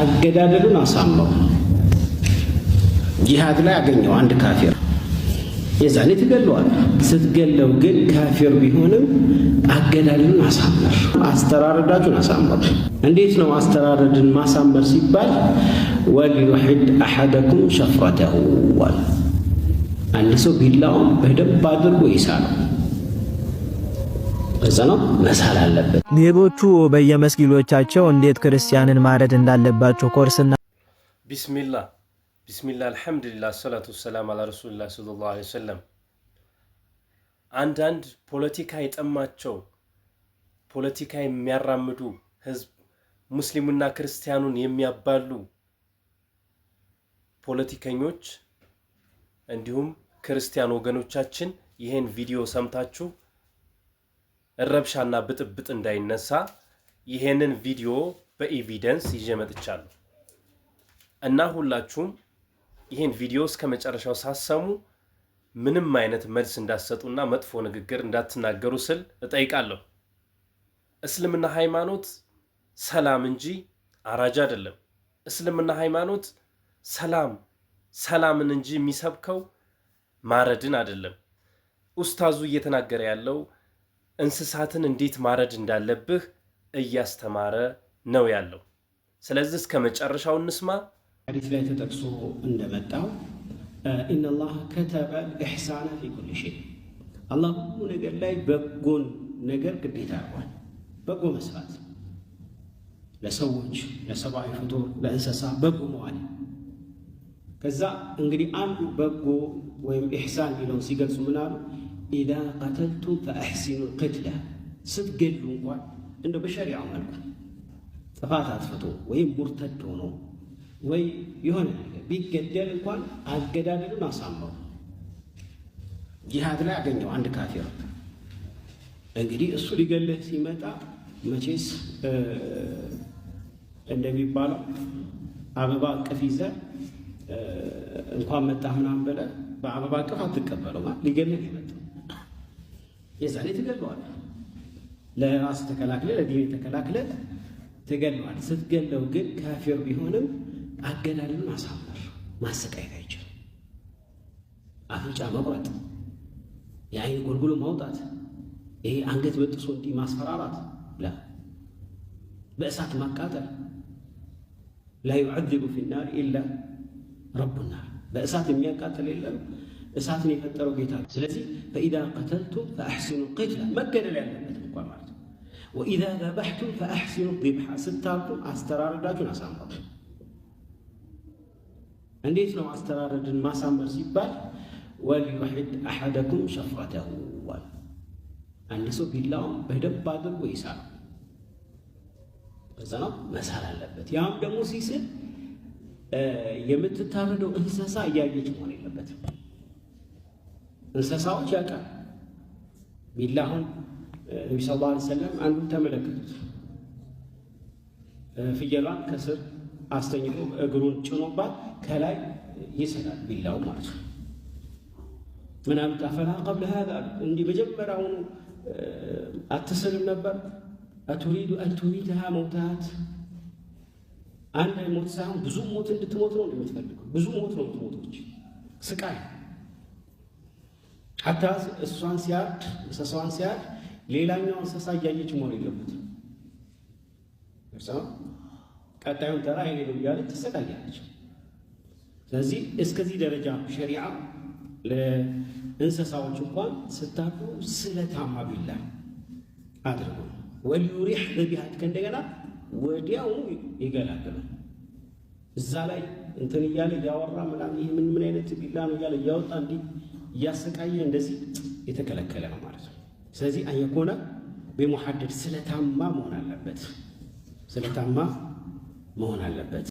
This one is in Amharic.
አገዳደሉን አሳመሩ ጂሃድ ላይ አገኘው አንድ ካፊር የዛኔ ትገለዋል። ስትገለው ግን ካፊር ቢሆንም አገዳደሉን አሳመር፣ አስተራረዳችሁን አሳመር። እንዴት ነው አስተራረድን ማሳመር ሲባል ወልዩሕድ አሐደኩም ሸፍረተሁ አንድ ሰው ቢላውን በደንብ አድርጎ ነው ግልጽ ነው፣ መሳል አለበት። ሌቦቹ በየመስጊዶቻቸው እንዴት ክርስቲያንን ማረድ እንዳለባቸው ኮርስና ቢስሚላ ቢስሚላ አልሐምዱሊላ ሰላቱ ሰላም አላ ረሱሉላ ሰለላሁ ዐለይሂ ወሰለም። አንዳንድ ፖለቲካ የጠማቸው ፖለቲካ የሚያራምዱ ህዝብ ሙስሊሙና ክርስቲያኑን የሚያባሉ ፖለቲከኞች እንዲሁም ክርስቲያን ወገኖቻችን ይህን ቪዲዮ ሰምታችሁ ረብሻና ብጥብጥ እንዳይነሳ ይሄንን ቪዲዮ በኤቪደንስ ይዤ መጥቻለሁ እና ሁላችሁም ይህን ቪዲዮ እስከ መጨረሻው ሳሰሙ ምንም አይነት መልስ እንዳትሰጡና መጥፎ ንግግር እንዳትናገሩ ስል እጠይቃለሁ። እስልምና ሃይማኖት ሰላም እንጂ አራጅ አይደለም። እስልምና ሃይማኖት ሰላም ሰላምን እንጂ የሚሰብከው ማረድን አይደለም። ኡስታዙ እየተናገረ ያለው እንስሳትን እንዴት ማረድ እንዳለብህ እያስተማረ ነው ያለው። ስለዚህ እስከ መጨረሻው እንስማ። ሐዲስ ላይ ተጠቅሶ እንደመጣው ኢነላህ ከተበ ልእሕሳና ፊ ኩል ሸይ፣ አላህ ሁሉ ነገር ላይ በጎን ነገር ግዴታ ያርጓል። በጎ መስራት ለሰዎች፣ ለሰብአዊ ፍጡር፣ ለእንስሳ በጎ መዋል። ከዛ እንግዲህ አንዱ በጎ ወይም ኢሕሳን የሚለውን ሲገልጹ ምናሉ ኢዛ ቀተልቱም ፈአሕሲኑ ልቅትላ ስትገድሉ እንኳን እንደ በሸሪዓው መልኩ ጥፋት አጥፍቶ ወይም ሙርተድ ሆኖ ወይ የሆነ ነገር ቢገደል እንኳን አገዳደሉን አሳምረው። ጂሃድ ላይ አገኘው አንድ ካፊር እንግዲህ እሱ ሊገልህ ሲመጣ መቼስ እንደሚባለው አበባ እቅፍ ይዘህ እንኳን መጣ ምናምን ብለህ በአበባ እቅፍ አትቀበለው። ሊገልህ ይመጣ የዛኔ ትገለዋል። ለራስ ተከላክለ፣ ለዲን ተከላክለ ትገለዋል። ስትገለው ግን ካፊር ቢሆንም አገዳደሉን ማሳመር፣ ማሰቃየት አይችልም። አፍንጫ መቁረጥ፣ የአይን ጎልጉሎ ማውጣት፣ ይሄ አንገት በጥሶ እንዲህ ማስፈራራት፣ ላ በእሳት ማቃጠል ላ ዩዓዚቡ ፊናር ኢላ ረቡናር በእሳት የሚያቃጥል የለም። እሳትን የፈጠረው ጌታ ነው። ስለዚህ ፈኢዛ ቀተልቱም ፈአሕሲኑ ቅትላ መገደል ያለበት እንኳ ማለት ነው። ወኢዛ ዘበሕቱም ፈአሕሲኑ ቢብሓ ስታርቱ አስተራረዳችሁን አሳምሩ። እንዴት ነው አስተራረድን ማሳመር ሲባል ወልዩሕድ አሐደኩም ሸፍረተሁ ዋል አንድ ሰው ቢላውም በደንብ አድርጎ ይሳል። በዛ ነው መሳል አለበት። ያም ደግሞ ሲስል የምትታረደው እንስሳ እያየች መሆን የለበትም። እንስሳዎች ያውቃል። ቢላ ነቢ ስ ላ ሰለም አንዱን ተመለከቱት። ፍየሏን ከስር አስተኝቶ እግሩን ጭኖባት ከላይ ይሰራል ቢላው ማለት ነው። ምናምን ታፈላ ቀብለ ሀዛ እንዲህ መጀመሪያውኑ አትስልም ነበር። አቱሪዱ አንቱሚትሃ መውታት አንድ ላይ ሞት ሳይሆን ብዙ ሞት እንድትሞት ነው የምትፈልገው። ብዙ ሞት ነው የምትሞቶች፣ ስቃይ ሀታ እሷን ሲያርድ እንስሳዋን ሲያርድ ሌላኛው እንስሳ እያየች መሆን የለበትም። ቀጣዩን ተራ የኔ ነው እያለች ትሰቃያለች። ስለዚህ እስከዚህ ደረጃ ሸሪዓ ለእንስሳዎች እንኳን ስታርዱ ስለታማ ቢላ አድርጉ ወሊዩሪሕ ذبيحتك እንደገና ወዲያው ይገላግላል። እዛ ላይ እንትን እያለ እያወራ ምናምን ይህ ምን ምን አይነት ቢላ ነው እያለ እያወጣ እንዲህ እያሰቃየ እንደዚህ የተከለከለ ነው ማለት ነው። ስለዚህ አየኮነ በሙሐደድ ስለታማ መሆን አለበት፣ ስለታማ መሆን አለበት።